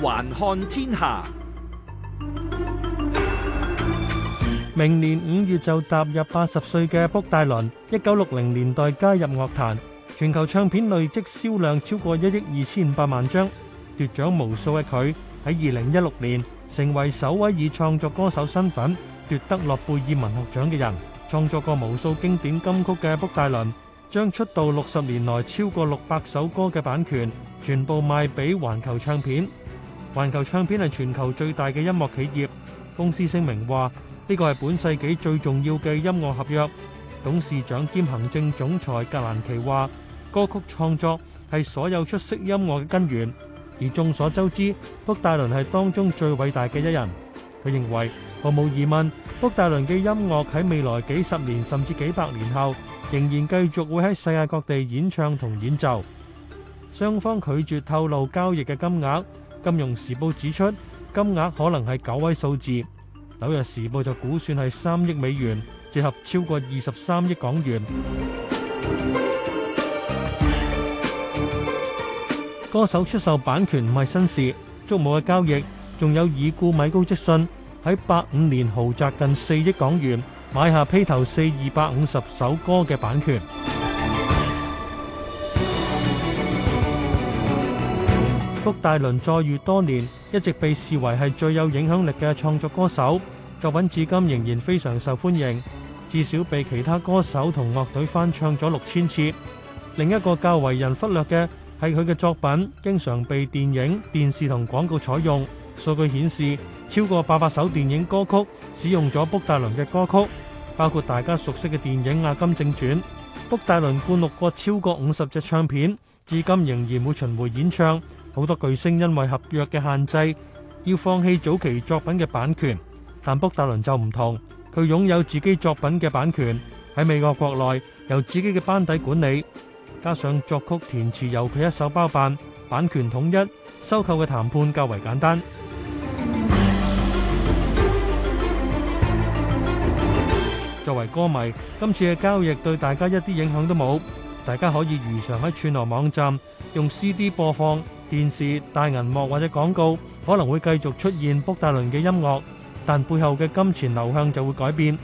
環看天下，明年五月就踏入八十歲嘅卜戴倫，一九六零年代加入樂壇，全球唱片累積銷量超過一億二千五百萬張，奪獎無數嘅佢喺二零一六年成為首位以創作歌手身份奪得諾貝爾文學獎嘅人，創作過無數經典金曲嘅卜戴倫。將出道六十年來超過六百首歌嘅版權，全部賣俾環球唱片。環球唱片係全球最大嘅音樂企業。公司聲明話，呢個係本世紀最重要嘅音樂合約。董事長兼行政總裁格蘭奇話，歌曲創作係所有出色音樂嘅根源。而眾所周知，卜戴倫係當中最偉大嘅一人。佢認為毫無疑問，卜戴倫嘅音樂喺未來幾十年甚至幾百年後，仍然繼續會喺世界各地演唱同演奏。雙方拒絕透露交易嘅金額。金融時報指出，金額可能係九位數字。紐約時報就估算係三億美元，折合超過二十三億港元。歌手出售版權唔係新事，矚目嘅交易。仲有已故米高積遜喺八五年豪宅近四億港元買下披頭四二百五十首歌嘅版權。卜 戴倫在遇多年一直被視為係最有影響力嘅創作歌手，作品至今仍然非常受歡迎，至少被其他歌手同樂隊翻唱咗六千次。另一個較為人忽略嘅係佢嘅作品經常被電影、電視同廣告採用。.數據顯示，超過八百首電影歌曲使用咗卜戴倫嘅歌曲，包括大家熟悉嘅電影《阿甘正傳》。卜戴倫灌錄過超過五十隻唱片，至今仍然會巡回演唱。好多巨星因為合約嘅限制，要放棄早期作品嘅版權，但卜戴倫就唔同，佢擁有自己作品嘅版權，喺美國國內由自己嘅班底管理，加上作曲填詞由佢一手包辦，版權統一收購嘅談判較為簡單。作為歌迷，今次嘅交易對大家一啲影響都冇。大家可以如常喺串流網站用 CD 播放電視、大銀幕或者廣告，可能會繼續出現卜戴倫嘅音樂，但背後嘅金錢流向就會改變。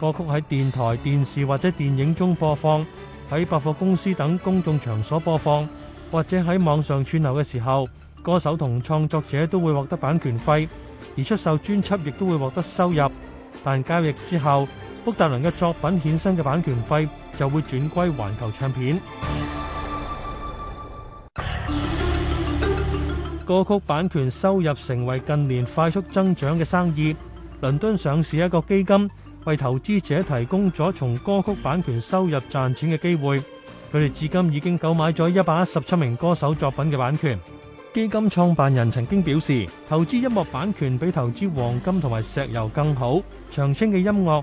歌曲喺電台、電視或者電影中播放，喺百貨公司等公衆場所播放，或者喺網上串流嘅時候，歌手同創作者都會獲得版權費，而出售專輯亦都會獲得收入。但交易之後，卜戴倫嘅作品衍生嘅版權費就會轉歸環球唱片。歌曲版權收入成為近年快速增長嘅生意。倫敦上市一個基金為投資者提供咗從歌曲版權收入賺錢嘅機會。佢哋至今已經購買咗一百一十七名歌手作品嘅版權。基金創辦人曾經表示，投資音樂版權比投資黃金同埋石油更好。長青嘅音樂。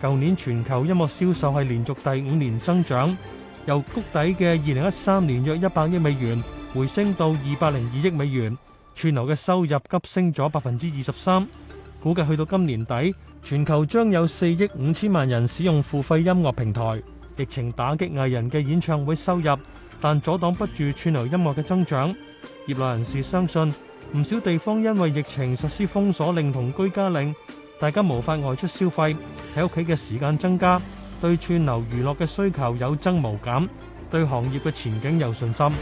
舊年全球音樂銷售係連續第五年增長，由谷底嘅二零一三年約一百億美元回升到二百零二億美元，串流嘅收入急升咗百分之二十三。估計去到今年底，全球將有四億五千萬人使用付費音樂平台。疫情打擊藝人嘅演唱會收入，但阻擋不住串流音樂嘅增長。業內人士相信，唔少地方因為疫情實施封鎖令同居家令。大家無法外出消費，喺屋企嘅時間增加，對串流娛樂嘅需求有增無減，對行業嘅前景有信心。